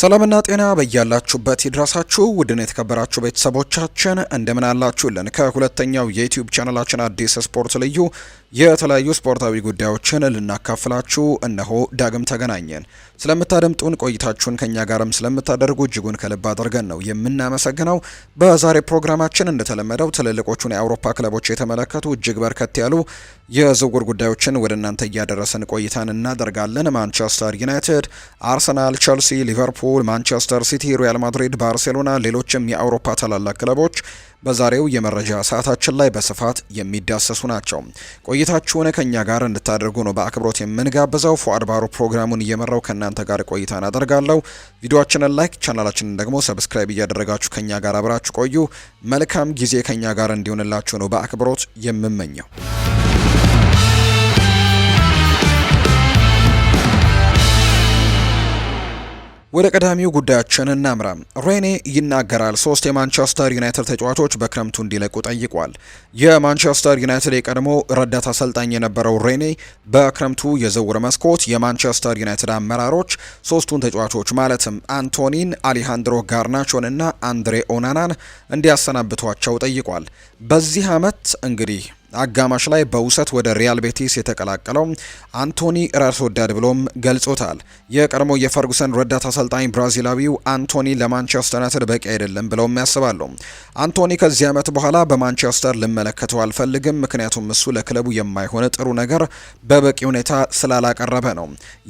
ሰላምና ጤና በያላችሁበት ይድረሳችሁ። ውድን የተከበራችሁ ቤተሰቦቻችን እንደምን አላችሁልን? ከሁለተኛው የዩትዩብ ቻናላችን አዲስ ስፖርት ልዩ የተለያዩ ስፖርታዊ ጉዳዮችን ልናካፍላችሁ እነሆ ዳግም ተገናኘን። ስለምታደምጡን ቆይታችሁን ከኛ ጋርም ስለምታደርጉ እጅጉን ከልብ አድርገን ነው የምናመሰግነው። በዛሬ ፕሮግራማችን እንደተለመደው ትልልቆቹን የአውሮፓ ክለቦች የተመለከቱ እጅግ በርከት ያሉ የዝውውር ጉዳዮችን ወደ እናንተ እያደረሰን ቆይታን እናደርጋለን። ማንቸስተር ዩናይትድ፣ አርሰናል፣ ቸልሲ፣ ሊቨርፑል፣ ማንቸስተር ሲቲ፣ ሪያል ማድሪድ፣ ባርሴሎና፣ ሌሎችም የአውሮፓ ታላላቅ ክለቦች በዛሬው የመረጃ ሰዓታችን ላይ በስፋት የሚዳሰሱ ናቸው። ቆይታችሁን ከእኛ ጋር እንድታደርጉ ነው በአክብሮት የምንጋብዘው። ፉአድ ባሩ ፕሮግራሙን እየመራው ከእናንተ ጋር ቆይታን አደርጋለሁ። ቪዲዮችንን ላይክ፣ ቻናላችንን ደግሞ ሰብስክራይብ እያደረጋችሁ ከእኛ ጋር አብራችሁ ቆዩ። መልካም ጊዜ ከእኛ ጋር እንዲሆንላችሁ ነው በአክብሮት የምመኘው። ወደ ቀዳሚው ጉዳያችን እናምራ። ሬኔ ይናገራል። ሶስት የማንቸስተር ዩናይትድ ተጫዋቾች በክረምቱ እንዲለቁ ጠይቋል። የማንቸስተር ዩናይትድ የቀድሞ ረዳት አሰልጣኝ የነበረው ሬኔ በክረምቱ የዝውውር መስኮት የማንቸስተር ዩናይትድ አመራሮች ሶስቱን ተጫዋቾች ማለትም አንቶኒን፣ አሊሃንድሮ ጋርናቾን እና አንድሬ ኦናናን እንዲያሰናብቷቸው ጠይቋል። በዚህ አመት እንግዲህ አጋማሽ ላይ በውሰት ወደ ሪያል ቤቲስ የተቀላቀለው አንቶኒ ራስ ወዳድ ብሎም ገልጾታል። የቀድሞ የፈርጉሰን ረዳት አሰልጣኝ ብራዚላዊው አንቶኒ ለማንቸስተር ዩናይትድ በቂ አይደለም ብለውም ያስባሉ። አንቶኒ ከዚህ ዓመት በኋላ በማንቸስተር ልመለከተው አልፈልግም፣ ምክንያቱም እሱ ለክለቡ የማይሆነ ጥሩ ነገር በበቂ ሁኔታ ስላላቀረበ ነው።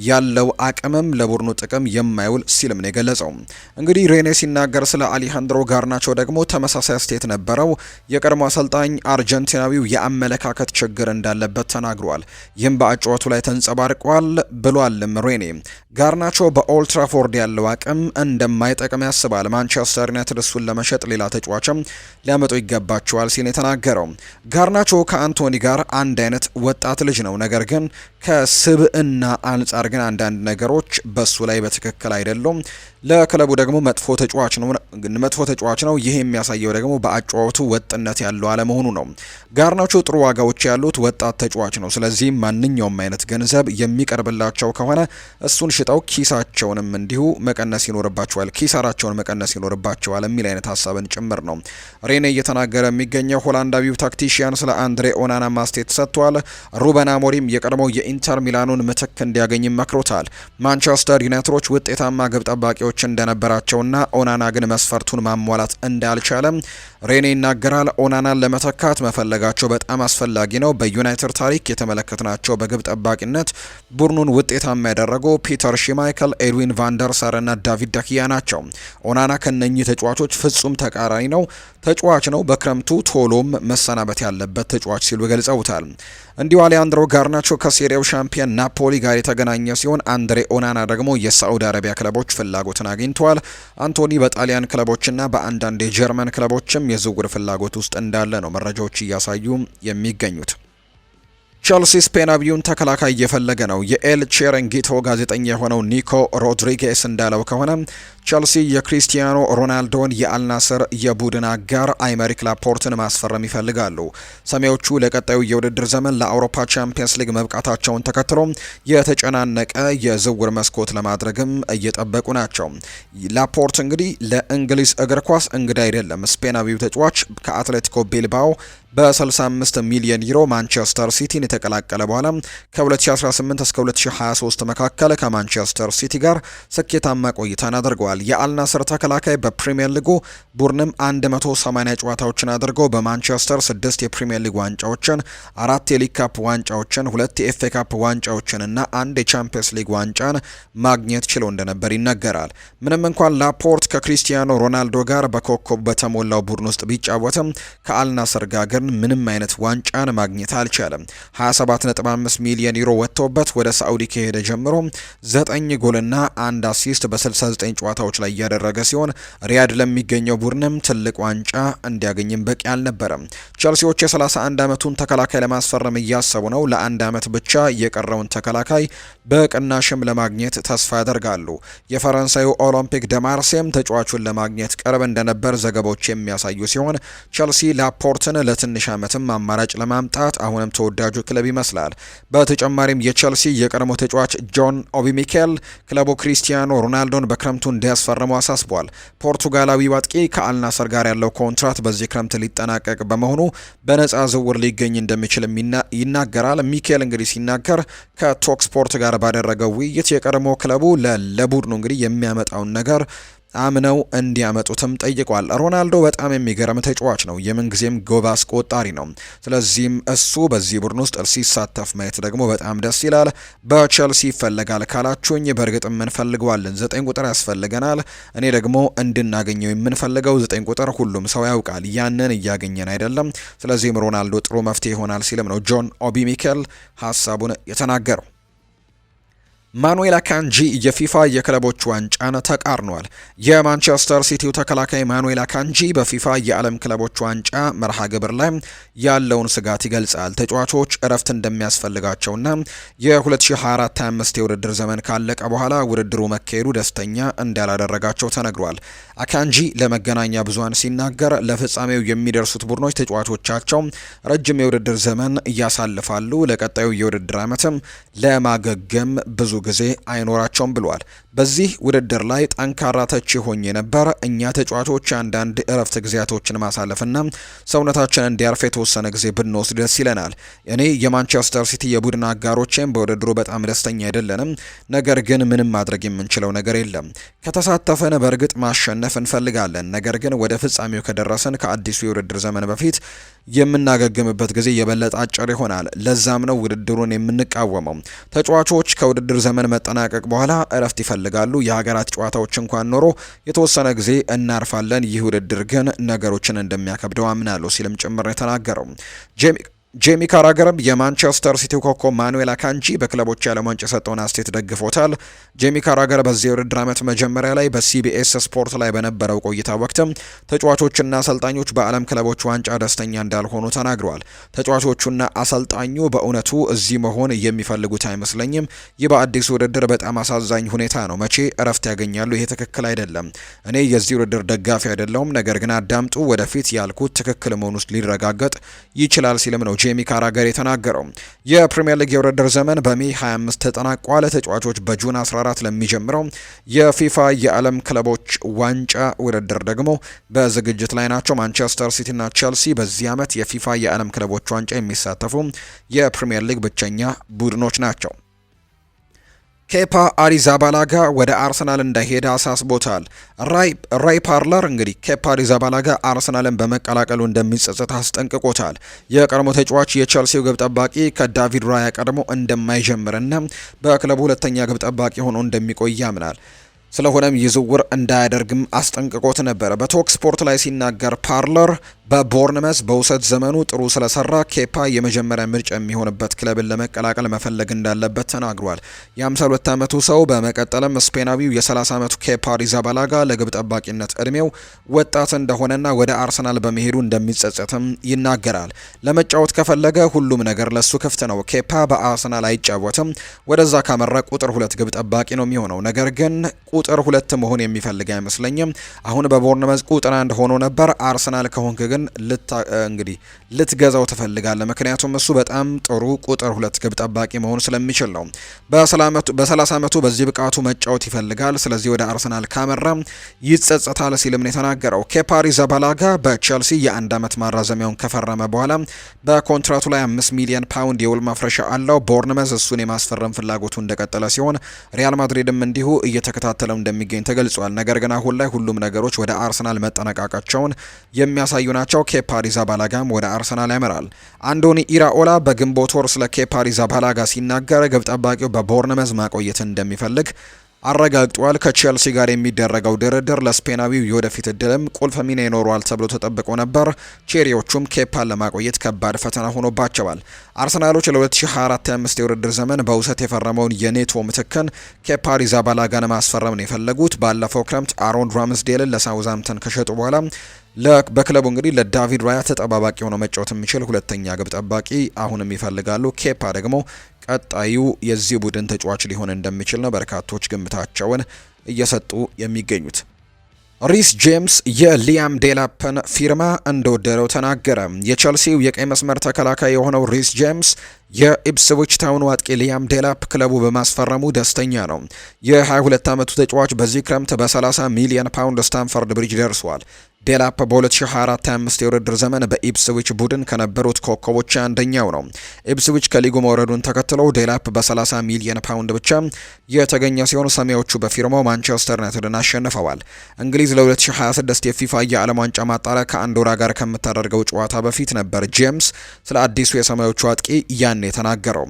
ያለው አቅምም ለቡድኑ ጥቅም የማይውል ሲልም ነው የገለጸው። እንግዲህ ሬኔ ሲናገር ስለ አሊሃንድሮ ጋርናቾ ደግሞ ተመሳሳይ አስተያየት ነበረው። የቀድሞ አሰልጣኝ አርጀንቲናዊው የአመለካከት ችግር እንዳለበት ተናግሯል። ይህም በአጨዋወቱ ላይ ተንጸባርቋል ብሏልም ሬኔ። ጋርናቾ በኦልትራፎርድ ያለው አቅም እንደማይጠቅም ያስባል። ማንቸስተር ዩናይትድ እሱን ለመሸጥ ሌላ ተጫዋችም ሊያመጡ ይገባቸዋል ሲል የተናገረው ጋርናቾ ከአንቶኒ ጋር አንድ አይነት ወጣት ልጅ ነው። ነገር ግን ከስብዕና አንጻር ግን አንዳንድ ነገሮች በሱ ላይ በትክክል አይደሉም። ለክለቡ ደግሞ መጥፎ ተጫዋች ነው መጥፎ ተጫዋች ነው። ይህ የሚያሳየው ደግሞ በአጫዋቱ ወጥነት ያለው አለመሆኑ ነው። ጋርናቾ ጥሩ ዋጋዎች ያሉት ወጣት ተጫዋች ነው። ስለዚህ ማንኛውም አይነት ገንዘብ የሚቀርብላቸው ከሆነ እሱን ሽጠው ኪሳቸውንም እንዲሁ መቀነስ ይኖርባቸዋል፣ ኪሳራቸውን መቀነስ ይኖርባቸዋል የሚል አይነት ሀሳብን ጭምር ነው ሬኔ እየተናገረ የሚገኘው። ሆላንዳዊው ታክቲሽያን ስለ አንድሬ ኦናና ማስቴት ሰጥቷል። ሩበን አሞሪም የቀድሞው የኢንተር ሚላኑን ምትክ እንዲያገኝ መክሮታል። ማንቸስተር ዩናይትዶች ውጤታማ ግብ ጠባቂዎች ተጫዋቾች እንደነበራቸውና ኦናና ግን መስፈርቱን ማሟላት እንዳልቻለም ሬኔ ይናገራል። ኦናናን ለመተካት መፈለጋቸው በጣም አስፈላጊ ነው። በዩናይትድ ታሪክ የተመለከትናቸው በግብ ጠባቂነት ቡድኑን ውጤታማ ያደረጉ ፒተር ሽማይከል፣ ኤድዊን ቫንደርሳር እና ዳቪድ ዳኪያ ናቸው። ኦናና ከነኚህ ተጫዋቾች ፍጹም ተቃራኒ ነው ተጫዋች ነው። በክረምቱ ቶሎም መሰናበት ያለበት ተጫዋች ሲሉ ገልጸውታል። እንዲሁ አሊያንድሮ ጋርናቾ ከሴሪያው ሻምፒየን ናፖሊ ጋር የተገናኘ ሲሆን አንድሬ ኦናና ደግሞ የሳዑዲ አረቢያ ክለቦች ፍላጎትን አግኝተዋል። አንቶኒ በጣሊያን ክለቦችና በአንዳንድ የጀርመን ክለቦችም የዝውውር ፍላጎት ውስጥ እንዳለ ነው መረጃዎች እያሳዩ የሚገኙት። ቸልሲ ስፔናዊውን ተከላካይ እየፈለገ ነው። የኤል ቼረንጊቶ ጋዜጠኛ የሆነው ኒኮ ሮድሪጌስ እንዳለው ከሆነ ቸልሲ የክሪስቲያኖ ሮናልዶን የአልናስር የቡድን አጋር አይመሪክ ላፖርትን ማስፈረም ይፈልጋሉ። ሰሜዎቹ ለቀጣዩ የውድድር ዘመን ለአውሮፓ ቻምፒየንስ ሊግ መብቃታቸውን ተከትሎ የተጨናነቀ የዝውውር መስኮት ለማድረግም እየጠበቁ ናቸው። ላፖርት እንግዲህ ለእንግሊዝ እግር ኳስ እንግዳ አይደለም። ስፔናዊው ተጫዋች ከአትሌቲኮ ቢልባኦ በ65 ሚሊዮን ዩሮ ማንቸስተር ሲቲን የተቀላቀለ በኋላ ከ2018 እስከ 2023 መካከል ከማንቸስተር ሲቲ ጋር ስኬታማ ቆይታን አድርገዋል። የአልናስር ተከላካይ በፕሪምየር ሊጉ ቡድንም 180 ጨዋታዎችን አድርጎ በማንቸስተር ስድስት የፕሪምየር ሊግ ዋንጫዎችን፣ አራት የሊግ ካፕ ዋንጫዎችን፣ ሁለት የኤፍኤ ካፕ ዋንጫዎችን እና አንድ የቻምፒየንስ ሊግ ዋንጫን ማግኘት ችሎ እንደነበር ይነገራል። ምንም እንኳን ላፖርት ከክሪስቲያኖ ሮናልዶ ጋር በኮከብ በተሞላው ቡድን ውስጥ ቢጫወትም ከአልናስር ጋር ግን ምንም አይነት ዋንጫን ማግኘት አልቻለም። 27.5 ሚሊዮን ዩሮ ወጥቶበት ወደ ሳዑዲ ከሄደ ጀምሮ 9 ጎልና 1 አሲስት በ69 ጨዋታዎች ላይ እያደረገ ሲሆን ሪያድ ለሚገኘው ቡድንም ትልቅ ዋንጫ እንዲያገኝም በቂ አልነበረም። ቸልሲዎች የ31 ዓመቱን ተከላካይ ለማስፈረም እያሰቡ ነው። ለአንድ ዓመት ብቻ የቀረውን ተከላካይ በቅናሽም ለማግኘት ተስፋ ያደርጋሉ። የፈረንሳዩ ኦሎምፒክ ደማርሴም ተጫዋቹን ለማግኘት ቅርብ እንደነበር ዘገባዎች የሚያሳዩ ሲሆን ቸልሲ ላፖርትን ለት ትንሽ ዓመትም አማራጭ ለማምጣት አሁንም ተወዳጁ ክለብ ይመስላል። በተጨማሪም የቼልሲ የቀድሞ ተጫዋች ጆን ኦቢ ሚኬል ክለቡ ክሪስቲያኖ ሮናልዶን በክረምቱ እንዲያስፈርመው አሳስቧል። ፖርቱጋላዊ አጥቂ ከአልናሰር ጋር ያለው ኮንትራት በዚህ ክረምት ሊጠናቀቅ በመሆኑ በነጻ ዝውውር ሊገኝ እንደሚችል ይናገራል። ሚኬል እንግዲህ ሲናገር ከቶክ ስፖርት ጋር ባደረገው ውይይት የቀድሞ ክለቡ ለቡድኑ እንግዲህ የሚያመጣውን ነገር አምነው እንዲያመጡትም ጠይቋል። ሮናልዶ በጣም የሚገርም ተጫዋች ነው፣ የምንጊዜም ጎባ አስቆጣሪ ነው። ስለዚህም እሱ በዚህ ቡድን ውስጥ ሲሳተፍ ማየት ደግሞ በጣም ደስ ይላል። በቸልሲ ይፈለጋል ካላችሁኝ በእርግጥም እንፈልገዋለን። ዘጠኝ ቁጥር ያስፈልገናል። እኔ ደግሞ እንድናገኘው የምንፈልገው ዘጠኝ ቁጥር ሁሉም ሰው ያውቃል፣ ያንን እያገኘን አይደለም። ስለዚህም ሮናልዶ ጥሩ መፍትሄ ይሆናል ሲልም ነው ጆን ኦቢ ሚኬል ሀሳቡን የተናገረው። ማኑኤል አካንጂ የፊፋ የክለቦች ዋንጫን ተቃርኗል። የማንቸስተር ሲቲው ተከላካይ ማኑኤል አካንጂ በፊፋ የዓለም ክለቦች ዋንጫ መርሃ ግብር ላይ ያለውን ስጋት ይገልጻል። ተጫዋቾች እረፍት እንደሚያስፈልጋቸውና የ2024/25 የውድድር ዘመን ካለቀ በኋላ ውድድሩ መካሄዱ ደስተኛ እንዳላደረጋቸው ተነግሯል። አካንጂ ለመገናኛ ብዙሃን ሲናገር ለፍጻሜው የሚደርሱት ቡድኖች ተጫዋቾቻቸው ረጅም የውድድር ዘመን እያሳልፋሉ። ለቀጣዩ የውድድር ዓመትም ለማገገም ብዙ ጊዜ አይኖራቸውም ብሏል። በዚህ ውድድር ላይ ጠንካራ ተቺ ሆኜ ነበር። እኛ ተጫዋቾች አንዳንድ እረፍት ጊዜያቶችን ማሳለፍና ሰውነታችን እንዲያርፍ የተወሰነ ጊዜ ብንወስድ ደስ ይለናል። እኔ የማንቸስተር ሲቲ የቡድን አጋሮቼም በውድድሩ በጣም ደስተኛ አይደለንም፣ ነገር ግን ምንም ማድረግ የምንችለው ነገር የለም። ከተሳተፈን በእርግጥ ማሸነፍ እንፈልጋለን፣ ነገር ግን ወደ ፍጻሜው ከደረሰን ከአዲሱ የውድድር ዘመን በፊት የምናገግምበት ጊዜ የበለጠ አጭር ይሆናል። ለዛም ነው ውድድሩን የምንቃወመው። ተጫዋቾች ከውድድር ዘመን መጠናቀቅ በኋላ እረፍት ይፈልጋል ይፈልጋሉ። የሀገራት ጨዋታዎች እንኳን ኖሮ የተወሰነ ጊዜ እናርፋለን። ይህ ውድድር ግን ነገሮችን እንደሚያከብደው አምናለሁ ሲልም ጭምር የተናገረው ጄሚ ካራገርም የማንቸስተር ሲቲ ኮከብ ማኑኤል አካንጂ በክለቦች የዓለም ዋንጫ የሰጠውን አስቴት ደግፎታል። ጄሚ ካራገር በዚህ የውድድር ዓመት መጀመሪያ ላይ በሲቢኤስ ስፖርት ላይ በነበረው ቆይታ ወቅትም ተጫዋቾችና አሰልጣኞች በዓለም ክለቦች ዋንጫ ደስተኛ እንዳልሆኑ ተናግረዋል። ተጫዋቾቹና አሰልጣኙ በእውነቱ እዚህ መሆን የሚፈልጉት አይመስለኝም። ይህ በአዲሱ ውድድር በጣም አሳዛኝ ሁኔታ ነው። መቼ እረፍት ያገኛሉ? ይሄ ትክክል አይደለም። እኔ የዚህ ውድድር ደጋፊ አይደለሁም፣ ነገር ግን አዳምጡ። ወደፊት ያልኩት ትክክል መሆኑ ሊረጋገጥ ይችላል ሲልም ነው ጄሚ ካራገር የተናገረው። የፕሪምየር ሊግ የውድድር ዘመን በሚ 25 ተጠናቋል። ተጫዋቾች በጁን 14 ለሚጀምረው የፊፋ የዓለም ክለቦች ዋንጫ ውድድር ደግሞ በዝግጅት ላይ ናቸው። ማንቸስተር ሲቲና ቸልሲ በዚህ ዓመት የፊፋ የዓለም ክለቦች ዋንጫ የሚሳተፉ የፕሪምየር ሊግ ብቸኛ ቡድኖች ናቸው። ኬፓ አሪዛባላጋ ወደ አርሰናል እንዳይሄድ አሳስቦታል። ራይ ፓርለር እንግዲህ ኬፓ አሪዛባላጋ አርሰናልን በመቀላቀሉ እንደሚጸጸት አስጠንቅቆታል። የቀድሞ ተጫዋች የቸልሲው ግብ ጠባቂ ከዳቪድ ራያ ቀድሞ እንደማይጀምርና በክለቡ ሁለተኛ ግብ ጠባቂ ሆኖ እንደሚቆይ ያምናል። ስለሆነም ይዝውር እንዳያደርግም አስጠንቅቆት ነበረ። በቶክ ስፖርት ላይ ሲናገር ፓርለር በቦርንመስ በውሰት ዘመኑ ጥሩ ስለሰራ ኬፓ የመጀመሪያ ምርጫ የሚሆንበት ክለብን ለመቀላቀል መፈለግ እንዳለበት ተናግሯል። የ52 ዓመቱ ሰው በመቀጠልም ስፔናዊው የ30 ዓመቱ ኬፓ ሪዛባላጋ ለግብ ጠባቂነት እድሜው ወጣት እንደሆነና ወደ አርሰናል በመሄዱ እንደሚጸጸትም ይናገራል። ለመጫወት ከፈለገ ሁሉም ነገር ለሱ ክፍት ነው። ኬፓ በአርሰናል አይጫወትም። ወደዛ ካመራ ቁጥር ሁለት ግብ ጠባቂ ነው የሚሆነው። ነገር ግን ቁጥር ሁለት መሆን የሚፈልግ አይመስለኝም። አሁን በቦርንመስ ቁጥር አንድ ሆኖ ነበር። አርሰናል ከሆንክ ግን ግን እንግዲህ ልትገዛው ትፈልጋለ። ምክንያቱም እሱ በጣም ጥሩ ቁጥር ሁለት ግብ ጠባቂ መሆን ስለሚችል ነው። በሰላሳ ዓመቱ በዚህ ብቃቱ መጫወት ይፈልጋል። ስለዚህ ወደ አርሰናል ካመራ ይጸጸታል ሲልም ነው የተናገረው። ኬፓሪ ዘባላጋ በቼልሲ የአንድ ዓመት ማራዘሚያውን ከፈረመ በኋላ በኮንትራቱ ላይ አምስት ሚሊዮን ፓውንድ የውል ማፍረሻ አለው። ቦርንመዝ እሱን የማስፈረም ፍላጎቱ እንደቀጠለ ሲሆን ሪያል ማድሪድም እንዲሁ እየተከታተለው እንደሚገኝ ተገልጿል። ነገር ግን አሁን ላይ ሁሉም ነገሮች ወደ አርሰናል መጠነቃቃቸውን የሚያሳዩ ናቸው። አማካኛቸው ኬፓ ሪዛባላጋም ወደ አርሰናል ያመራል። አንዶኒ ኢራኦላ በግንቦት ወር ስለ ኬፓ ሪዛባላጋ ሲናገር ግብ ጠባቂው በቦርነመዝ ማቆየት እንደሚፈልግ አረጋግጧል። ከቼልሲ ጋር የሚደረገው ድርድር ለስፔናዊው የወደፊት እድልም ቁልፍ ሚና ይኖረዋል ተብሎ ተጠብቆ ነበር። ቼሪዎቹም ኬፓን ለማቆየት ከባድ ፈተና ሆኖባቸዋል። አርሰናሎች ለ2024/25 የውድድር ዘመን በውሰት የፈረመውን የኔቶ ምትክን ኬፓ ሪዛባላጋን ማስፈረም ነው የፈለጉት። ባለፈው ክረምት አሮን ራምስዴልን ለሳውዛምተን ከሸጡ በኋላ በክለቡ እንግዲህ ለዳቪድ ራያ ተጠባባቂ ሆነው መጫወት የሚችል ሁለተኛ ግብ ጠባቂ አሁንም ይፈልጋሉ። ኬፓ ደግሞ ቀጣዩ የዚህ ቡድን ተጫዋች ሊሆን እንደሚችል ነው በርካቶች ግምታቸውን እየሰጡ የሚገኙት። ሪስ ጄምስ የሊያም ዴላፕን ፊርማ እንደወደደው ተናገረ። የቸልሲው የቀይ መስመር ተከላካይ የሆነው ሪስ ጄምስ የኢፕስዊች ታውን አጥቂ ሊያም ዴላፕ ክለቡ በማስፈረሙ ደስተኛ ነው። የ22 ዓመቱ ተጫዋች በዚህ ክረምት በ30 ሚሊዮን ፓውንድ ስታንፈርድ ብሪጅ ደርሷል። ዴላፕ በ2024/25 የውድድር ዘመን በኢፕስዊች ቡድን ከነበሩት ኮከቦች አንደኛው ነው። ኢፕስዊች ከሊጉ መውረዱን ተከትሎ ዴላፕ በ30 ሚሊየን ፓውንድ ብቻ የተገኘ ሲሆን ሰሜዎቹ በፊርማው ማንቸስተር ዩናይትድን አሸንፈዋል። እንግሊዝ ለ2026 የፊፋ የዓለም ዋንጫ ማጣሪያ ወራ ጋር ከምታደርገው ጨዋታ በፊት ነበር ጄምስ ስለ አዲሱ የሰማዮቹ አጥቂ ያን የተናገረው።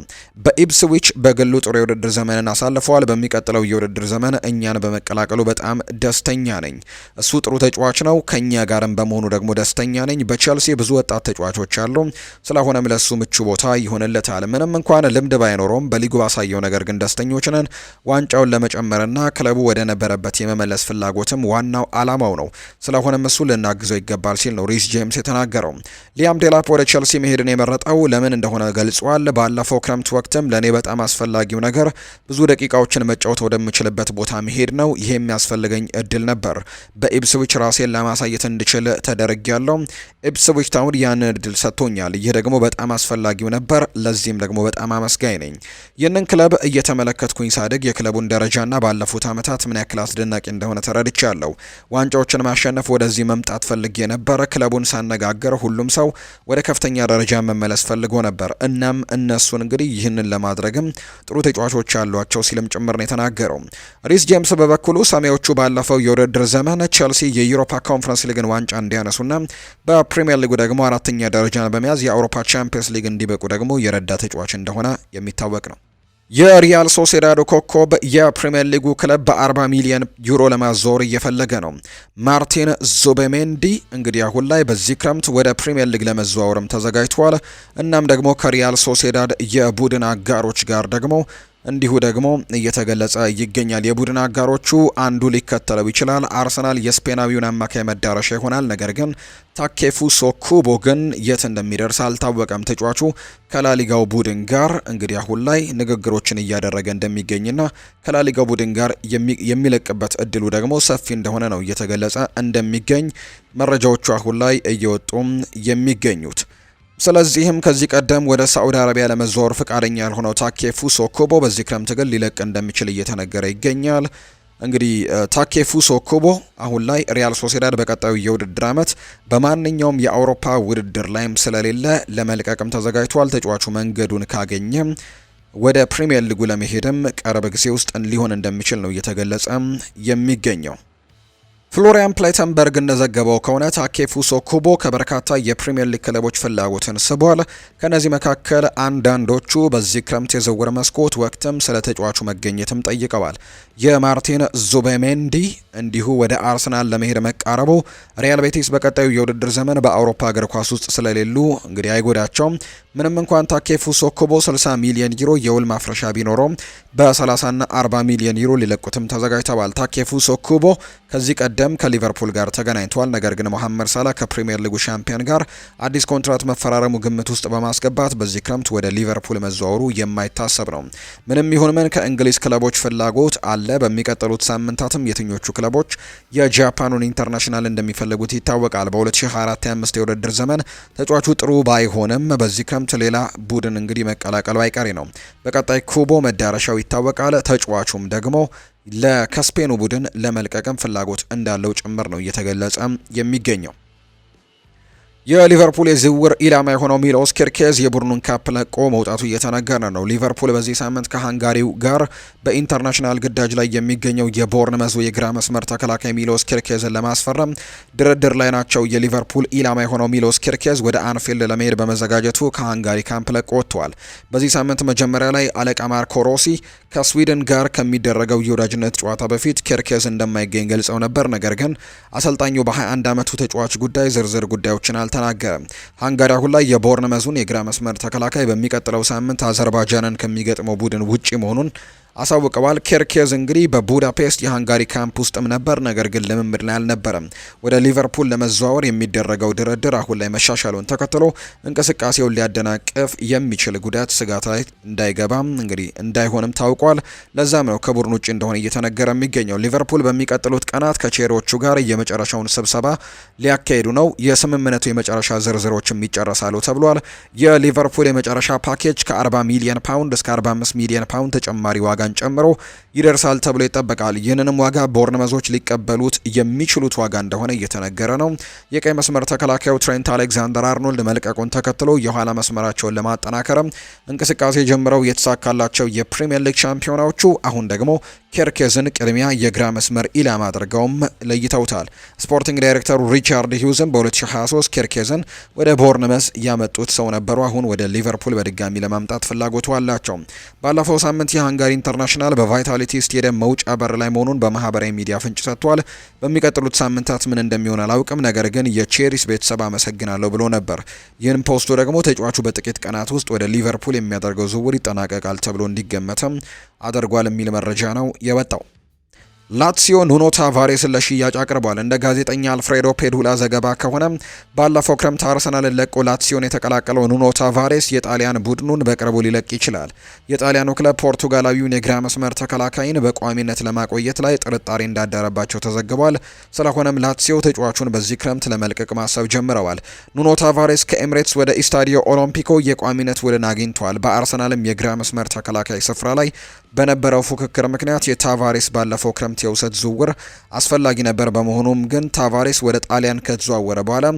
በኢፕስዊች በግሉ ጥሩ የውድድር ዘመንን አሳልፈዋል። በሚቀጥለው የውድድር ዘመን እኛን በመቀላቀሉ በጣም ደስተኛ ነኝ። እሱ ጥሩ ተጫዋች ነው ከእኛ ጋርም በመሆኑ ደግሞ ደስተኛ ነኝ። በቸልሲ ብዙ ወጣት ተጫዋቾች አሉ። ስለሆነም ለሱ ምቹ ቦታ ይሆንለታል። ምንም እንኳን ልምድ ባይኖረውም በሊጉ ባሳየው ነገር ግን ደስተኞች ነን። ዋንጫውን ለመጨመርና ክለቡ ወደ ነበረበት የመመለስ ፍላጎትም ዋናው አላማው ነው። ስለሆነም እሱ ልናግዘው ይገባል ሲል ነው ሪስ ጄምስ የተናገረው። ሊያም ዴላፕ ወደ ቸልሲ መሄድን የመረጠው ለምን እንደሆነ ገልጿል። ባለፈው ክረምት ወቅትም ለእኔ በጣም አስፈላጊው ነገር ብዙ ደቂቃዎችን መጫወት ወደምችልበት ቦታ መሄድ ነው። ይሄ የሚያስፈልገኝ እድል ነበር። በኢብስዊች ራሴን ለማሳ ማሳየት እንድችል ተደርጊያለሁ። ኢፕስዊች ታውን ያንን እድል ሰጥቶኛል። ይህ ደግሞ በጣም አስፈላጊው ነበር። ለዚህም ደግሞ በጣም አመስጋኝ ነኝ። ይህንን ክለብ እየተመለከትኩኝ ሳድግ የክለቡን ደረጃና ባለፉት ዓመታት ምን ያክል አስደናቂ እንደሆነ ተረድቻለሁ። ዋንጫዎችን ማሸነፍ ወደዚህ መምጣት ፈልጌ ነበር። ክለቡን ሳነጋገር ሁሉም ሰው ወደ ከፍተኛ ደረጃ መመለስ ፈልጎ ነበር። እናም እነሱን እንግዲህ ይህንን ለማድረግም ጥሩ ተጫዋቾች ያሏቸው ሲልም ጭምር ነው የተናገረው። ሪስ ጄምስ በበኩሉ ሰሜዎቹ ባለፈው የውድድር ዘመን ቸልሲ የዩሮፓ ኮንፈረንስ ቻምፒየንስ ሊግን ዋንጫ እንዲያነሱና በፕሪምየር ሊጉ ደግሞ አራተኛ ደረጃን በመያዝ የአውሮፓ ቻምፒየንስ ሊግ እንዲበቁ ደግሞ የረዳ ተጫዋች እንደሆነ የሚታወቅ ነው። የሪያል ሶሴዳዶ ኮከብ የፕሪምየር ሊጉ ክለብ በ40 ሚሊዮን ዩሮ ለማዞር እየፈለገ ነው። ማርቲን ዙቤሜንዲ እንግዲህ አሁን ላይ በዚህ ክረምት ወደ ፕሪምየር ሊግ ለመዘዋወርም ተዘጋጅቷል። እናም ደግሞ ከሪያል ሶሴዳድ የቡድን አጋሮች ጋር ደግሞ እንዲሁ ደግሞ እየተገለጸ ይገኛል። የቡድን አጋሮቹ አንዱ ሊከተለው ይችላል። አርሰናል የስፔናዊውን አማካይ መዳረሻ ይሆናል። ነገር ግን ታኬፉሶ ኩቦ ግን የት እንደሚደርስ አልታወቀም። ተጫዋቹ ከላሊጋው ቡድን ጋር እንግዲህ አሁን ላይ ንግግሮችን እያደረገ እንደሚገኝና ከላሊጋው ቡድን ጋር የሚለቅበት እድሉ ደግሞ ሰፊ እንደሆነ ነው እየተገለጸ እንደሚገኝ መረጃዎቹ አሁን ላይ እየወጡም የሚገኙት። ስለዚህም ከዚህ ቀደም ወደ ሳዑዲ አረቢያ ለመዛወር ፈቃደኛ ያልሆነው ታኬፉሶ ኩቦ በዚህ ክረምት ግን ሊለቅ እንደሚችል እየተነገረ ይገኛል። እንግዲህ ታኬፉሶ ኩቦ አሁን ላይ ሪያል ሶሴዳድ በቀጣዩ የውድድር ዓመት በማንኛውም የአውሮፓ ውድድር ላይም ስለሌለ ለመልቀቅም ተዘጋጅቷል። ተጫዋቹ መንገዱን ካገኘ ወደ ፕሪምየር ሊጉ ለመሄድም ቅርብ ጊዜ ውስጥ ሊሆን እንደሚችል ነው እየተገለጸ የሚገኘው። ፍሎሪያን ፕላተንበርግ እንደዘገበው ከሆነ ታኬፉሶ ኩቦ ከበርካታ የፕሪምየር ሊግ ክለቦች ፍላጎትን ስቧል። ከእነዚህ መካከል አንዳንዶቹ በዚህ ክረምት የዝውውር መስኮት ወቅትም ስለ ተጫዋቹ መገኘትም ጠይቀዋል። የማርቲን ዙቤሜንዲ እንዲሁ ወደ አርሰናል ለመሄድ መቃረቡ ሪያል ቤቲስ በቀጣዩ የውድድር ዘመን በአውሮፓ እግር ኳስ ውስጥ ስለሌሉ እንግዲህ አይጎዳቸውም። ምንም እንኳን ታኬፉሶ ኩቦ 60 ሚሊዮን ዩሮ የውል ማፍረሻ ቢኖረውም በ30ና 40 ሚሊዮን ዩሮ ሊለቁትም ተዘጋጅተዋል። ታኬፉሶ ኩቦ ከዚህ ቀደም ከሊቨርፑል ጋር ተገናኝቷል። ነገር ግን መሐመድ ሳላ ከፕሪምየር ሊጉ ሻምፒዮን ጋር አዲስ ኮንትራት መፈራረሙ ግምት ውስጥ በማስገባት በዚህ ክረምት ወደ ሊቨርፑል መዘዋወሩ የማይታሰብ ነው። ምንም ይሁን ምን ከእንግሊዝ ክለቦች ፍላጎት አለ። በሚቀጥሉት ሳምንታትም የትኞቹ ክለቦች የጃፓኑን ኢንተርናሽናል እንደሚፈልጉት ይታወቃል። በ2024/25 የውድድር ዘመን ተጫዋቹ ጥሩ ባይሆንም በዚህ ክረምት ሌላ ቡድን እንግዲህ መቀላቀሉ አይቀሬ ነው። በቀጣይ ኩቦ መዳረሻው ይታወቃል። ተጫዋቹም ደግሞ ለከስፔኑ ቡድን ለመልቀቅም ፍላጎት እንዳለው ጭምር ነው እየተገለጸ የሚገኘው። የሊቨርፑል የዝውውር ኢላማ የሆነው ሚሎስ ኪርኬዝ የቡድኑን ካፕ ለቆ መውጣቱ እየተነገረ ነው። ሊቨርፑል በዚህ ሳምንት ከሃንጋሪው ጋር በኢንተርናሽናል ግዳጅ ላይ የሚገኘው የቦርን የቦርንመዙ የግራ መስመር ተከላካይ ሚሎስ ኪርኬዝን ለማስፈረም ድርድር ላይ ናቸው። የሊቨርፑል ኢላማ የሆነው ሚሎስ ኪርኬዝ ወደ አንፊልድ ለመሄድ በመዘጋጀቱ ከሃንጋሪ ካምፕ ለቆ ወጥቷል። በዚህ ሳምንት መጀመሪያ ላይ አለቃ ማርኮ ሮሲ ከስዊድን ጋር ከሚደረገው የወዳጅነት ጨዋታ በፊት ኬርኬዝ እንደማይገኝ ገልጸው ነበር። ነገር ግን አሰልጣኙ በ21 ዓመቱ ተጫዋች ጉዳይ ዝርዝር ጉዳዮችን አልተናገረም። ሃንጋሪ አሁን ላይ የቦርን መዙን የግራ መስመር ተከላካይ በሚቀጥለው ሳምንት አዘርባይጃንን ከሚገጥመው ቡድን ውጪ መሆኑን አሳውቀዋል። ኬርኬዝ እንግዲህ በቡዳፔስት የሃንጋሪ ካምፕ ውስጥም ነበር፣ ነገር ግን ልምምድ ላይ አልነበረም። ወደ ሊቨርፑል ለመዘዋወር የሚደረገው ድርድር አሁን ላይ መሻሻሉን ተከትሎ እንቅስቃሴውን ሊያደናቅፍ የሚችል ጉዳት ስጋት ላይ እንዳይገባም እንግዲህ እንዳይሆንም ታውቋል። ለዛም ነው ከቡድን ውጭ እንደሆነ እየተነገረ የሚገኘው። ሊቨርፑል በሚቀጥሉት ቀናት ከቼሪዎቹ ጋር የመጨረሻውን ስብሰባ ሊያካሂዱ ነው። የስምምነቱ የመጨረሻ ዝርዝሮችም ይጨረሳሉ ተብሏል። የሊቨርፑል የመጨረሻ ፓኬጅ ከ40 ሚሊዮን ፓውንድ እስከ 45 ሚሊዮን ፓውንድ ተጨማሪ ዋጋ ዋጋን ጨምሮ ይደርሳል ተብሎ ይጠበቃል። ይህንንም ዋጋ ቦርንመዞች ሊቀበሉት የሚችሉት ዋጋ እንደሆነ እየተነገረ ነው። የቀይ መስመር ተከላካዩ ትሬንት አሌክዛንደር አርኖልድ መልቀቁን ተከትሎ የኋላ መስመራቸውን ለማጠናከርም እንቅስቃሴ ጀምረው የተሳካላቸው የፕሪምየር ሊግ ሻምፒዮናዎቹ አሁን ደግሞ ኬርኬዝን ቅድሚያ የግራ መስመር ኢላማ አድርገውም ለይተውታል። ስፖርቲንግ ዳይሬክተሩ ሪቻርድ ሂውዝን በ2023 ኬርኬዝን ወደ ቦርንመስ ያመጡት ሰው ነበሩ። አሁን ወደ ሊቨርፑል በድጋሚ ለማምጣት ፍላጎቱ አላቸው። ባለፈው ሳምንት የሃንጋሪ ኢንተርናሽናል በቫይታሊቲ ስቴዲየም መውጫ በር ላይ መሆኑን በማህበራዊ ሚዲያ ፍንጭ ሰጥቷል። በሚቀጥሉት ሳምንታት ምን እንደሚሆን አላውቅም፣ ነገር ግን የቼሪስ ቤተሰብ አመሰግናለሁ ብሎ ነበር። ይህን ፖስቱ ደግሞ ተጫዋቹ በጥቂት ቀናት ውስጥ ወደ ሊቨርፑል የሚያደርገው ዝውውር ይጠናቀቃል ተብሎ እንዲገመተም አድርጓል የሚል መረጃ ነው የወጣው። ላትሲዮ ኑኖ ታቫሬስን ለሽያጭ አቅርቧል። እንደ ጋዜጠኛ አልፍሬዶ ፔዱላ ዘገባ ከሆነ ባለፈው ክረምት አርሰናልን ለቆ ላትሲዮን የተቀላቀለው ኑኖ ታቫሬስ የጣሊያን ቡድኑን በቅርቡ ሊለቅ ይችላል። የጣሊያኑ ክለብ ፖርቱጋላዊውን የግራ መስመር ተከላካይን በቋሚነት ለማቆየት ላይ ጥርጣሬ እንዳደረባቸው ተዘግቧል። ስለሆነም ላትሲዮ ተጫዋቹን በዚህ ክረምት ለመልቀቅ ማሰብ ጀምረዋል። ኑኖ ታቫሬስ ከኤምሬትስ ወደ ኢስታዲዮ ኦሎምፒኮ የቋሚነት ውልን አግኝቷል። በአርሰናልም የግራ መስመር ተከላካይ ስፍራ ላይ በነበረው ፉክክር ምክንያት የታቫሬስ ባለፈው ክረምት የውሰት ዝውውር አስፈላጊ ነበር። በመሆኑም ግን ታቫሬስ ወደ ጣሊያን ከተዘዋወረ በኋላ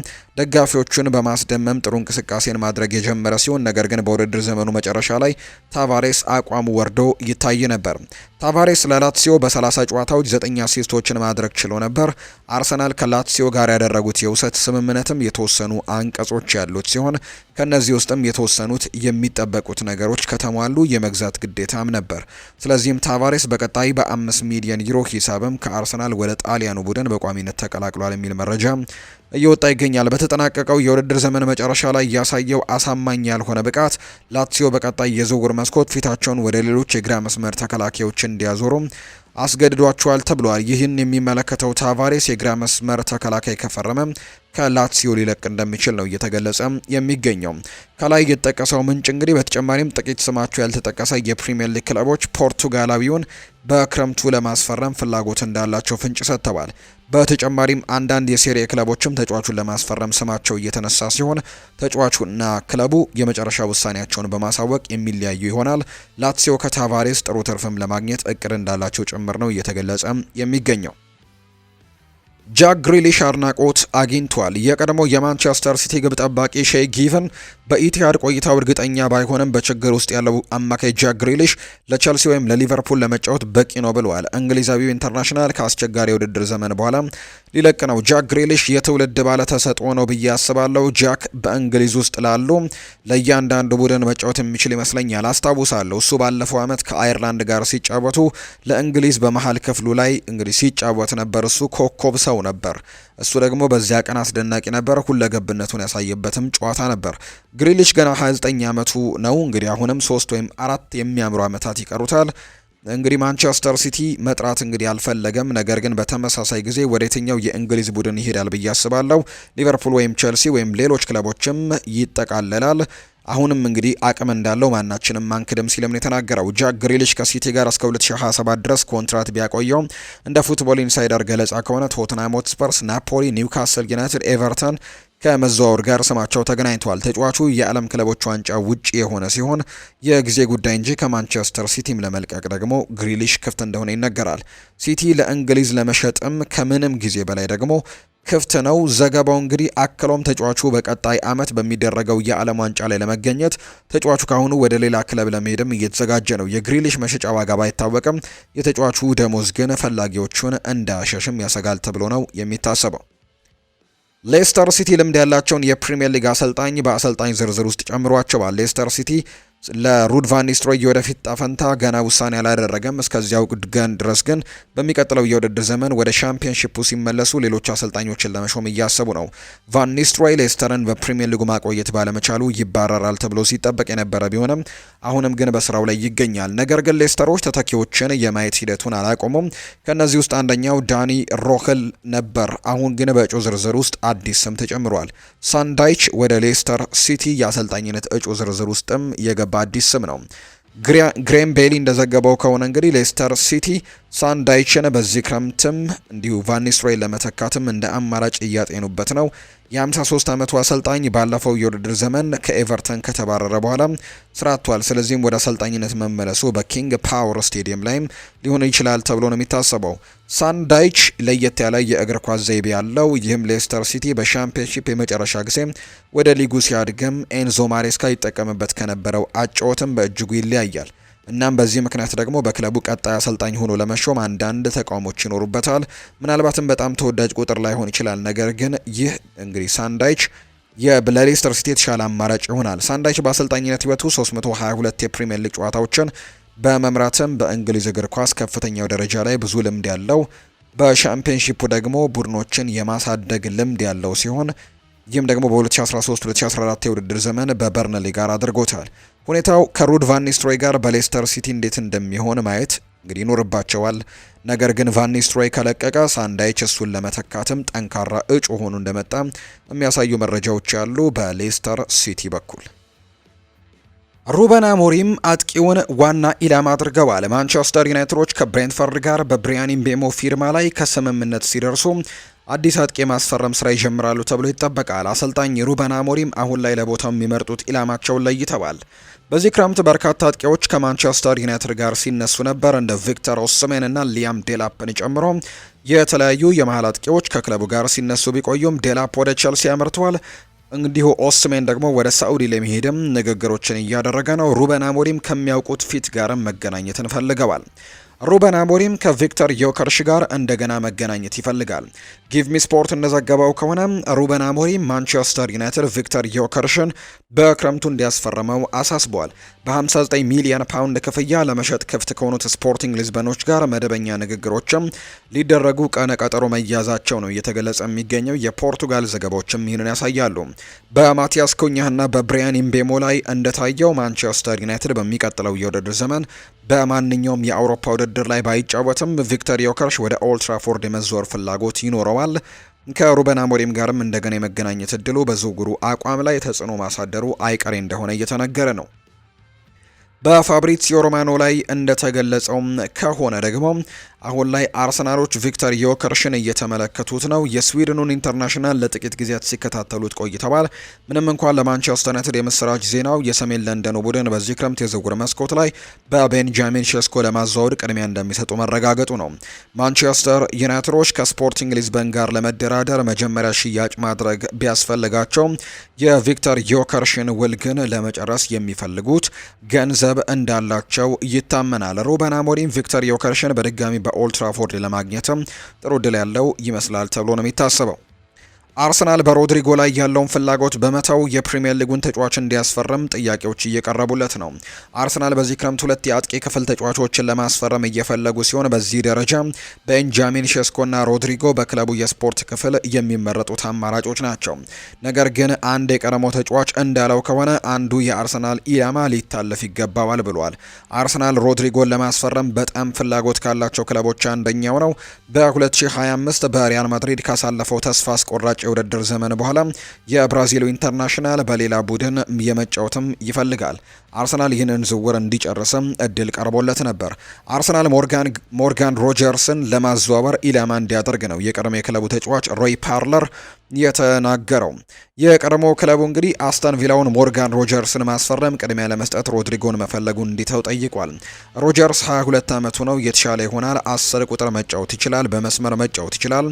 ደጋፊዎቹን በማስደመም ጥሩ እንቅስቃሴን ማድረግ የጀመረ ሲሆን ነገር ግን በውድድር ዘመኑ መጨረሻ ላይ ታቫሬስ አቋሙ ወርዶ ይታይ ነበር። ታቫሬስ ለላትሲዮ በ30 ጨዋታዎች 9 አሲስቶችን ማድረግ ችሎ ነበር። አርሰናል ከላትሲዮ ጋር ያደረጉት የውሰት ስምምነትም የተወሰኑ አንቀጾች ያሉት ሲሆን ከእነዚህ ውስጥም የተወሰኑት የሚጠበቁት ነገሮች ከተሟሉ የመግዛት ግዴታም ነበር። ስለዚህም ታቫሬስ በቀጣይ በአምስት ሚሊዮን ዩሮ ሂሳብም ከአርሰናል ወደ ጣሊያኑ ቡድን በቋሚነት ተቀላቅሏል የሚል መረጃ እየወጣ ይገኛል። በተጠናቀቀው የውድድር ዘመን መጨረሻ ላይ ያሳየው አሳማኝ ያልሆነ ብቃት ላትሲዮ በቀጣይ የዝውውር መስኮት ፊታቸውን ወደ ሌሎች የግራ መስመር ተከላካዮች እንዲያዞሩም አስገድዷቸዋል ተብሏል። ይህን የሚመለከተው ታቫሬስ የግራ መስመር ተከላካይ ከፈረመ ከላትሲዮ ሊለቅ እንደሚችል ነው እየተገለጸ የሚገኘው። ከላይ የተጠቀሰው ምንጭ እንግዲህ በተጨማሪም ጥቂት ስማቸው ያልተጠቀሰ የፕሪምየር ሊግ ክለቦች ፖርቱጋላዊውን በክረምቱ ለማስፈረም ፍላጎት እንዳላቸው ፍንጭ ሰጥተዋል። በተጨማሪም አንዳንድ የሴሪ ክለቦችም ተጫዋቹን ለማስፈረም ስማቸው እየተነሳ ሲሆን ተጫዋቹና ክለቡ የመጨረሻ ውሳኔያቸውን በማሳወቅ የሚለያዩ ይሆናል። ላትሲዮ ከታቫሬስ ጥሩ ትርፍም ለማግኘት እቅድ እንዳላቸው ጭምር ነው እየተገለጸ የሚገኘው። ጃክ ግሪሊሽ አድናቆት አግኝቷል። የቀድሞ የማንቸስተር ሲቲ ግብ ጠባቂ ሼይ ጊቨን በኢቲሃድ ቆይታው እርግጠኛ ባይሆንም በችግር ውስጥ ያለው አማካይ ጃክ ግሪሊሽ ለቸልሲ ወይም ለሊቨርፑል ለመጫወት በቂ ነው ብለዋል። እንግሊዛዊው ኢንተርናሽናል ከአስቸጋሪ ውድድር ዘመን በኋላ ሊለቅ ነው። ጃክ ግሪሊሽ የትውልድ ባለ ተሰጥኦ ነው ብዬ አስባለሁ። ጃክ በእንግሊዝ ውስጥ ላሉ ለእያንዳንዱ ቡድን መጫወት የሚችል ይመስለኛል። አስታውሳለሁ እሱ ባለፈው ዓመት ከአይርላንድ ጋር ሲጫወቱ ለእንግሊዝ በመሀል ክፍሉ ላይ እንግዲህ ሲጫወት ነበር። እሱ ኮከብ ሰው ነበር። እሱ ደግሞ በዚያ ቀን አስደናቂ ነበር። ሁለገብነቱን ያሳየበትም ጨዋታ ነበር። ግሪሊሽ ገና 29 ዓመቱ ነው። እንግዲህ አሁንም ሶስት ወይም አራት የሚያምሩ ዓመታት ይቀሩታል። እንግዲህ ማንቸስተር ሲቲ መጥራት እንግዲህ አልፈለገም። ነገር ግን በተመሳሳይ ጊዜ ወደ የትኛው የእንግሊዝ ቡድን ይሄዳል ብዬ አስባለሁ። ሊቨርፑል ወይም ቸልሲ ወይም ሌሎች ክለቦችም ይጠቃለላል። አሁንም እንግዲህ አቅም እንዳለው ማናችንም አንክድም ሲልም ነው የተናገረው። ጃክ ግሪሊሽ ከሲቲ ጋር እስከ 2027 ድረስ ኮንትራት ቢያቆየውም እንደ ፉትቦል ኢንሳይደር ገለጻ ከሆነ ቶትናም ሆትስፐርስ፣ ናፖሊ፣ ኒውካስል ዩናይትድ፣ ኤቨርተን ከመዘዋወር ጋር ስማቸው ተገናኝተዋል። ተጫዋቹ የዓለም ክለቦች ዋንጫ ውጪ የሆነ ሲሆን የጊዜ ጉዳይ እንጂ ከማንቸስተር ሲቲም ለመልቀቅ ደግሞ ግሪሊሽ ክፍት እንደሆነ ይነገራል። ሲቲ ለእንግሊዝ ለመሸጥም ከምንም ጊዜ በላይ ደግሞ ክፍት ነው። ዘገባው እንግዲህ አክሎም ተጫዋቹ በቀጣይ አመት በሚደረገው የዓለም ዋንጫ ላይ ለመገኘት ተጫዋቹ ካሁኑ ወደ ሌላ ክለብ ለመሄድም እየተዘጋጀ ነው። የግሪሊሽ መሸጫ ዋጋ ባይታወቅም የተጫዋቹ ደሞዝ ግን ፈላጊዎቹን እንዳያሸሽም ያሰጋል ተብሎ ነው የሚታሰበው። ሌስተር ሲቲ ልምድ ያላቸውን የፕሪምየር ሊግ አሰልጣኝ በአሰልጣኝ ዝርዝር ውስጥ ጨምሯቸዋል። ሌስተር ሲቲ ለሩድ ቫን ኒስትሮይ ወደፊት ጣፈንታ ገና ውሳኔ አላደረገም። እስከዚያው ገን ድረስ ግን በሚቀጥለው የውድድር ዘመን ወደ ሻምፒዮንሺፑ ሲመለሱ ሌሎች አሰልጣኞችን ለመሾም እያሰቡ ነው። ቫን ኒስትሮይ ሌስተርን በፕሪምየር ሊጉ ማቆየት ባለመቻሉ ይባረራል ተብሎ ሲጠበቅ የነበረ ቢሆንም አሁንም ግን በስራው ላይ ይገኛል። ነገር ግን ሌስተሮች ተተኪዎችን የማየት ሂደቱን አላቆሙም። ከእነዚህ ውስጥ አንደኛው ዳኒ ሮክል ነበር። አሁን ግን በእጩ ዝርዝር ውስጥ አዲስ ስም ተጨምሯል። ሳንዳይች ወደ ሌስተር ሲቲ የአሰልጣኝነት እጩ ዝርዝር ውስጥም የገባ አዲስ ስም ነው። ግሬም ቤሊ እንደዘገበው ከሆነ እንግዲህ ሌስተር ሲቲ ሳንዳይችን በዚህ ክረምትም እንዲሁ ቫኒስሮይ ለመተካትም እንደ አማራጭ እያጤኑበት ነው። የ53 ዓመቱ አሰልጣኝ ባለፈው የውድድር ዘመን ከኤቨርተን ከተባረረ በኋላ ስራ አጥቷል። ስለዚህም ወደ አሰልጣኝነት መመለሱ በኪንግ ፓወር ስቴዲየም ላይም ሊሆን ይችላል ተብሎ ነው የሚታሰበው። ሳንዳይች ለየት ያለ የእግር ኳስ ዘይቤ ያለው ይህም ሌስተር ሲቲ በሻምፒዮንሺፕ የመጨረሻ ጊዜ ወደ ሊጉ ሲያድግም ኤንዞ ማሬስካ ይጠቀምበት ከነበረው አጨዋወትም በእጅጉ ይለያያል። እናም በዚህ ምክንያት ደግሞ በክለቡ ቀጣይ አሰልጣኝ ሆኖ ለመሾም አንዳንድ ተቃውሞች ይኖሩበታል። ምናልባትም በጣም ተወዳጅ ቁጥር ላይሆን ይችላል። ነገር ግን ይህ እንግዲህ ሳንዳይች ለሌስተር ሲቲ የተሻለ አማራጭ ይሆናል። ሳንዳይች በአሰልጣኝነት ህይወቱ 322 የፕሪምየር ሊግ ጨዋታዎችን በመምራትም በእንግሊዝ እግር ኳስ ከፍተኛው ደረጃ ላይ ብዙ ልምድ ያለው በሻምፒዮንሺፑ ደግሞ ቡድኖችን የማሳደግ ልምድ ያለው ሲሆን ይህም ደግሞ በ2013-2014 የውድድር ዘመን በበርንሊ ጋር አድርጎታል። ሁኔታው ከሩድ ቫኒስትሮይ ጋር በሌስተር ሲቲ እንዴት እንደሚሆን ማየት እንግዲህ ይኖርባቸዋል። ነገር ግን ቫኒስትሮይ ከለቀቀ ሳንዳይች እሱን ለመተካትም ጠንካራ እጩ ሆኑ እንደመጣ የሚያሳዩ መረጃዎች ያሉ በሌስተር ሲቲ በኩል ሩበን አሞሪም አጥቂውን ዋና ኢላማ አድርገዋል። ማንቸስተር ዩናይትዶች ከብሬንትፈርድ ጋር በብሪያን ምቤሞ ፊርማ ላይ ከስምምነት ሲደርሱ አዲስ አጥቂ የማስፈረም ስራ ይጀምራሉ ተብሎ ይጠበቃል። አሰልጣኝ ሩበን አሞሪም አሁን ላይ ለቦታው የሚመርጡት ኢላማቸውን ለይተዋል። በዚህ ክረምት በርካታ አጥቂዎች ከማንቸስተር ዩናይትድ ጋር ሲነሱ ነበር። እንደ ቪክተር ኦስሜን እና ሊያም ዴላፕን ጨምሮ የተለያዩ የመሀል አጥቂዎች ከክለቡ ጋር ሲነሱ ቢቆዩም ዴላፕ ወደ ቸልሲ ያመርተዋል። እንዲሁ ኦስሜን ደግሞ ወደ ሳዑዲ ለመሄድም ንግግሮችን እያደረገ ነው። ሩበን አሞሪም ከሚያውቁት ፊት ጋርም መገናኘትን ፈልገዋል። ሩበን አሞሪም ከቪክተር ዮከርሽ ጋር እንደገና መገናኘት ይፈልጋል። ጊቭሚ ስፖርት እንደዘገበው ከሆነ ሩበን አሞሪም ማንቸስተር ዩናይትድ ቪክተር ዮከርሽን በክረምቱ እንዲያስፈርመው አሳስቧል። በ59 ሚሊዮን ፓውንድ ክፍያ ለመሸጥ ክፍት ከሆኑት ስፖርቲንግ ሊዝበኖች ጋር መደበኛ ንግግሮችም ሊደረጉ ቀነ ቀጠሮ መያዛቸው ነው እየተገለጸ የሚገኘው። የፖርቱጋል ዘገባዎችም ይህንን ያሳያሉ። በማቲያስ ኩኛህና በብሪያን ኢምቤሞ ላይ እንደታየው ማንቸስተር ዩናይትድ በሚቀጥለው የውድድር ዘመን በማንኛውም የአውሮፓ ውድድር ላይ ባይጫወትም ቪክተር ዮከርሽ ወደ ኦልትራፎርድ የመዞር ፍላጎት ይኖረዋል። ከሩበን አሞሪም ጋርም እንደገና የመገናኘት እድሉ በዝውውሩ አቋም ላይ ተጽዕኖ ማሳደሩ አይቀሬ እንደሆነ እየተነገረ ነው። በፋብሪዚዮ ሮማኖ ላይ እንደተገለጸውም ከሆነ ደግሞ አሁን ላይ አርሰናሎች ቪክተር ዮከርሽን እየተመለከቱት ነው። የስዊድኑን ኢንተርናሽናል ለጥቂት ጊዜያት ሲከታተሉት ቆይተዋል። ምንም እንኳን ለማንቸስተር ዩናይትድ የምስራች ዜናው የሰሜን ለንደኑ ቡድን በዚህ ክረምት የዝውውር መስኮት ላይ በቤንጃሚን ሸስኮ ለማዘዋወድ ቅድሚያ እንደሚሰጡ መረጋገጡ ነው። ማንቸስተር ዩናይትዶች ከስፖርቲንግ ሊዝበን ጋር ለመደራደር መጀመሪያ ሽያጭ ማድረግ ቢያስፈልጋቸውም የቪክተር ዮከርሽን ውል ግን ለመጨረስ የሚፈልጉት ገንዘብ እንዳላቸው ይታመናል። ሩበን አሞሪም ቪክተር ዮከርሽን በድጋሚ በኦልትራፎርድ ለማግኘትም ጥሩ እድል ያለው ይመስላል ተብሎ ነው የሚታሰበው። አርሰናል በሮድሪጎ ላይ ያለውን ፍላጎት በመተው የፕሪምየር ሊጉን ተጫዋች እንዲያስፈርም ጥያቄዎች እየቀረቡለት ነው። አርሰናል በዚህ ክረምት ሁለት የአጥቂ ክፍል ተጫዋቾችን ለማስፈረም እየፈለጉ ሲሆን በዚህ ደረጃ ቤንጃሚን ሼስኮና ሮድሪጎ በክለቡ የስፖርት ክፍል የሚመረጡት አማራጮች ናቸው። ነገር ግን አንድ የቀድሞ ተጫዋች እንዳለው ከሆነ አንዱ የአርሰናል ኢላማ ሊታለፍ ይገባዋል ብሏል። አርሰናል ሮድሪጎን ለማስፈረም በጣም ፍላጎት ካላቸው ክለቦች አንደኛው ነው። በ2025 በሪያል ማድሪድ ካሳለፈው ተስፋ አስቆራጭ የውድድር ዘመን በኋላ የብራዚሉ ኢንተርናሽናል በሌላ ቡድን የመጫወትም ይፈልጋል። አርሰናል ይህንን ዝውውር እንዲጨርስም እድል ቀርቦለት ነበር። አርሰናል ሞርጋን ሮጀርስን ለማዘዋወር ኢላማ እንዲያደርግ ነው የቀድሞ የክለቡ ተጫዋች ሮይ ፓርለር የተናገረው። የቀድሞ ክለቡ እንግዲህ አስተን ቪላውን ሞርጋን ሮጀርስን ማስፈረም ቅድሚያ ለመስጠት ሮድሪጎን መፈለጉን እንዲተው ጠይቋል። ሮጀርስ 22 ዓመቱ ነው፣ የተሻለ ይሆናል። አስር ቁጥር መጫወት ይችላል፣ በመስመር መጫወት ይችላል፣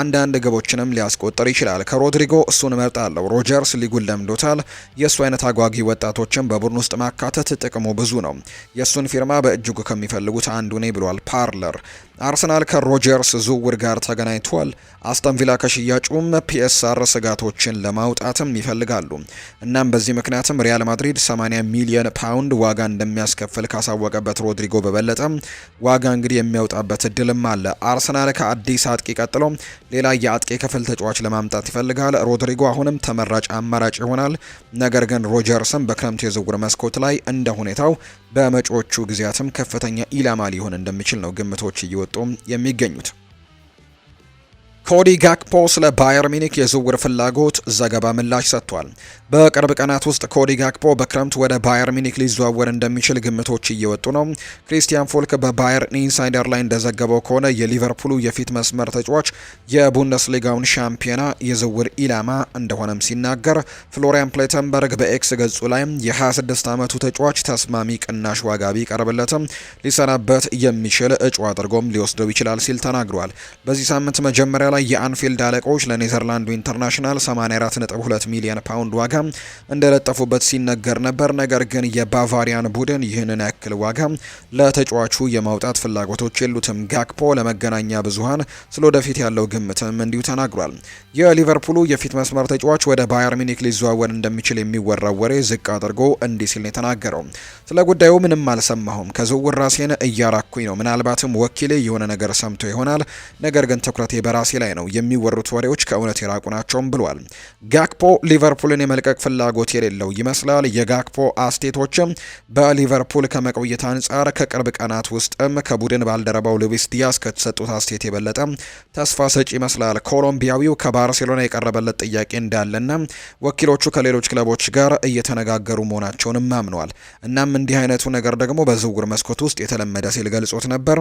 አንዳንድ ግቦችንም ሊያስቆጥር ይችላል። ከሮድሪጎ እሱን መርጣለሁ። ሮጀርስ ሊጉን ለምዶታል። የእሱ አይነት አጓጊ ወጣቶችን በቡድን ውስጥ ማካተት ጥቅሙ ብዙ ነው። የእሱን ፊርማ በእጅጉ ከሚፈልጉት አንዱ ነኝ ብሏል ፓርለር። አርሰናል ከሮጀርስ ዝውውር ጋር ተገናኝቷል። አስተን ቪላ ከሽያጩም ፒኤስአር ስጋቶችን ለማውጣትም ይፈልጋሉ። እናም በዚህ ምክንያትም ሪያል ማድሪድ 80 ሚሊዮን ፓውንድ ዋጋ እንደሚያስከፍል ካሳወቀበት ሮድሪጎ በበለጠ ዋጋ እንግዲህ የሚያወጣበት እድልም አለ። አርሰናል ከአዲስ አጥቂ ቀጥሎ ሌላ የአጥቂ ክፍል ተጫዋች ለማምጣት ይፈልጋል። ሮድሪጎ አሁንም ተመራጭ አማራጭ ይሆናል። ነገር ግን ሮጀርስም በክረምቱ የዝውውር መስኮት ላይ እንደ ሁኔታው በመጪዎቹ ጊዜያትም ከፍተኛ ኢላማ ሊሆን እንደሚችል ነው ግምቶች እየወጡ የሚገኙት። ኮዲ ጋክፖ ስለ ባየር ሚኒክ የዝውውር ፍላጎት ዘገባ ምላሽ ሰጥቷል። በቅርብ ቀናት ውስጥ ኮዲ ጋክፖ በክረምት ወደ ባየር ሚኒክ ሊዘዋወር እንደሚችል ግምቶች እየወጡ ነው። ክሪስቲያን ፎልክ በባየር ኢንሳይደር ላይ እንደዘገበው ከሆነ የሊቨርፑሉ የፊት መስመር ተጫዋች የቡንደስሊጋውን ሻምፒዮና የዝውውር ኢላማ እንደሆነም ሲናገር፣ ፍሎሪያን ፕሌተንበርግ በኤክስ ገጹ ላይ የ26 ዓመቱ ተጫዋች ተስማሚ ቅናሽ ዋጋ ቢቀርብለትም ሊሰናበት የሚችል እጩ አድርጎም ሊወስደው ይችላል ሲል ተናግሯል። በዚህ ሳምንት መጀመሪያ በአጠቃላይ የአንፊልድ አለቆች ለኔዘርላንዱ ኢንተርናሽናል 84.2 ሚሊዮን ፓውንድ ዋጋ እንደለጠፉበት ሲነገር ነበር። ነገር ግን የባቫሪያን ቡድን ይህንን ያክል ዋጋ ለተጫዋቹ የማውጣት ፍላጎቶች የሉትም። ጋክፖ ለመገናኛ ብዙሃን ስለ ወደፊት ያለው ግምትም እንዲሁ ተናግሯል። የሊቨርፑሉ የፊት መስመር ተጫዋች ወደ ባየር ሚኒክ ሊዘዋወር እንደሚችል የሚወራው ወሬ ዝቅ አድርጎ እንዲህ ሲል ነው የተናገረው። ስለ ጉዳዩ ምንም አልሰማሁም። ከዝውውር ራሴን እያራኩኝ ነው። ምናልባትም ወኪሌ የሆነ ነገር ሰምቶ ይሆናል። ነገር ግን ትኩረቴ በራሴ ላይ ነው የሚወሩት ወሬዎች ከእውነት የራቁ ናቸውም ብሏል። ጋክፖ ሊቨርፑልን የመልቀቅ ፍላጎት የሌለው ይመስላል። የጋክፖ አስቴቶችም በሊቨርፑል ከመቆየት አንጻር ከቅርብ ቀናት ውስጥም ከቡድን ባልደረባው ሉዊስ ዲያስ ከተሰጡት አስቴት የበለጠ ተስፋ ሰጪ ይመስላል። ኮሎምቢያዊው ከባርሴሎና የቀረበለት ጥያቄ እንዳለና ወኪሎቹ ከሌሎች ክለቦች ጋር እየተነጋገሩ መሆናቸውንም አምነዋል። እናም እንዲህ አይነቱ ነገር ደግሞ በዝውውር መስኮት ውስጥ የተለመደ ሲል ገልጾት ነበር።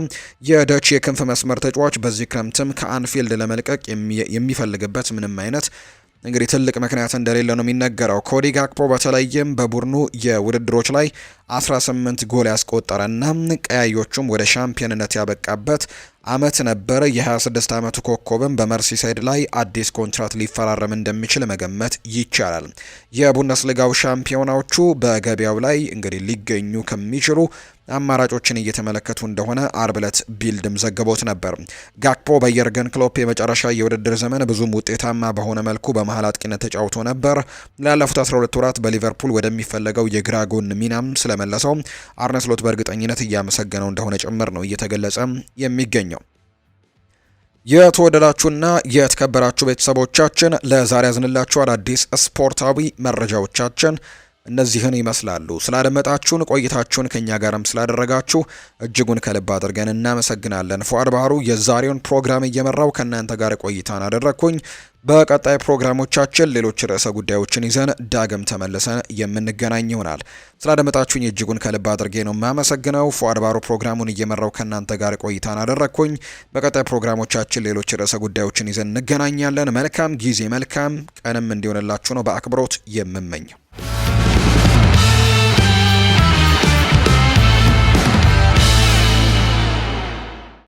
የደች የክንፍ መስመር ተጫዋች በዚህ ክረምትም ከአንፊልድ ለመልቀቅ የሚፈልግበት ምንም አይነት እንግዲህ ትልቅ ምክንያት እንደሌለ ነው የሚነገረው። ኮዲ ጋክፖ በተለይም በቡድኑ የውድድሮች ላይ 18 ጎል ያስቆጠረና ቀያዮቹም ወደ ሻምፒዮንነት ያበቃበት አመት ነበር የ የ26 ዓመቱ ኮከብም በመርሲሳይድ ላይ አዲስ ኮንትራት ሊፈራረም እንደሚችል መገመት ይቻላል። የቡንደስሊጋው ሻምፒዮናዎቹ በገበያው ላይ እንግዲህ ሊገኙ ከሚችሉ አማራጮችን እየተመለከቱ እንደሆነ አርብ ዕለት ቢልድም ዘግቦት ነበር። ጋክፖ በየርገን ክሎፕ የመጨረሻ የውድድር ዘመን ብዙም ውጤታማ በሆነ መልኩ በመሀል አጥቂነት ተጫውቶ ነበር። ላለፉት 12 ወራት በሊቨርፑል ወደሚፈለገው የግራ ጎን ሚናም ስለመለሰው አርነ ስሎት በእርግጠኝነት እያመሰገነው እንደሆነ ጭምር ነው እየተገለጸ የሚገኘው። የተወደዳችሁና የተከበራችሁ ቤተሰቦቻችን ለዛሬ ያዝንላችሁ አዳዲስ ስፖርታዊ መረጃዎቻችን እነዚህን ይመስላሉ። ስላደመጣችሁን ቆይታችሁን ከእኛ ጋርም ስላደረጋችሁ እጅጉን ከልብ አድርገን እናመሰግናለን። ፏድ ባህሩ የዛሬውን ፕሮግራም እየመራው ከእናንተ ጋር ቆይታን አደረግኩኝ። በቀጣይ ፕሮግራሞቻችን ሌሎች ርዕሰ ጉዳዮችን ይዘን ዳግም ተመልሰን የምንገናኝ ይሆናል። ስላደመጣችሁኝ እጅጉን ከልብ አድርጌ ነው የማመሰግነው። ፉአድ ባህሩ ፕሮግራሙን እየመራው ከእናንተ ጋር ቆይታን አደረግኩኝ። በቀጣይ ፕሮግራሞቻችን ሌሎች ርዕሰ ጉዳዮችን ይዘን እንገናኛለን። መልካም ጊዜ መልካም ቀንም እንዲሆንላችሁ ነው በአክብሮት የምመኘው።